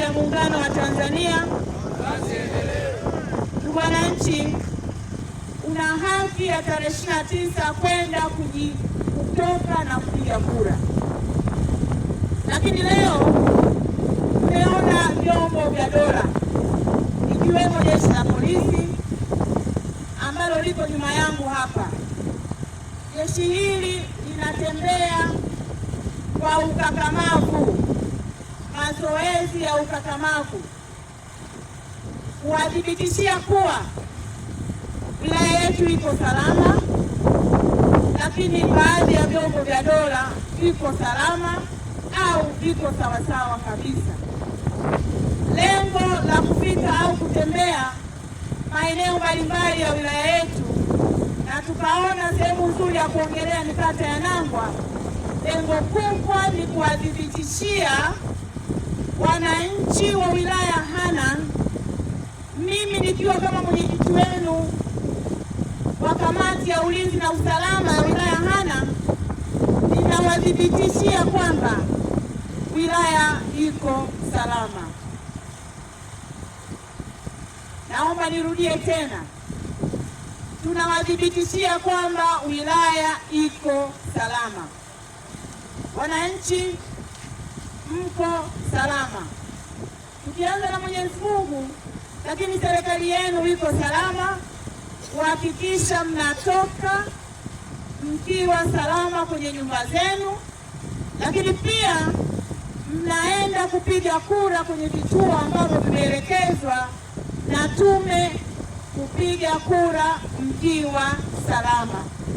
ya Muungano wa Tanzania. Mwananchi una haki ya tarehe 29 kwenda kutoka na kupiga kura, lakini leo umeona vyombo vya dola ikiwemo jeshi la polisi ambalo liko nyuma yangu hapa. Jeshi hili linatembea kwa ukakamavu ya ukakamavu kuwathibitishia kuwa wilaya yetu iko salama, lakini baadhi ya vyombo vya dola viko salama au viko sawasawa kabisa. Lengo la kufika au kutembea maeneo mbalimbali ya wilaya yetu na tukaona sehemu nzuri ya kuongelea ni kata ya Nangwa. Lengo kubwa ni kuwathibitishia wananchi wa wilaya hana mimi nikiwa kama mwenyekiti wenu wa kamati ya ulinzi na usalama ya wilaya hana ninawathibitishia kwamba wilaya iko salama. Naomba nirudie tena, tunawathibitishia kwamba wilaya iko salama. Wananchi mko salama, tukianza na Mwenyezi Mungu, lakini serikali yenu iko salama kuhakikisha mnatoka mkiwa salama kwenye nyumba zenu, lakini pia mnaenda kupiga kura kwenye vituo ambavyo vimeelekezwa na tume kupiga kura mkiwa salama.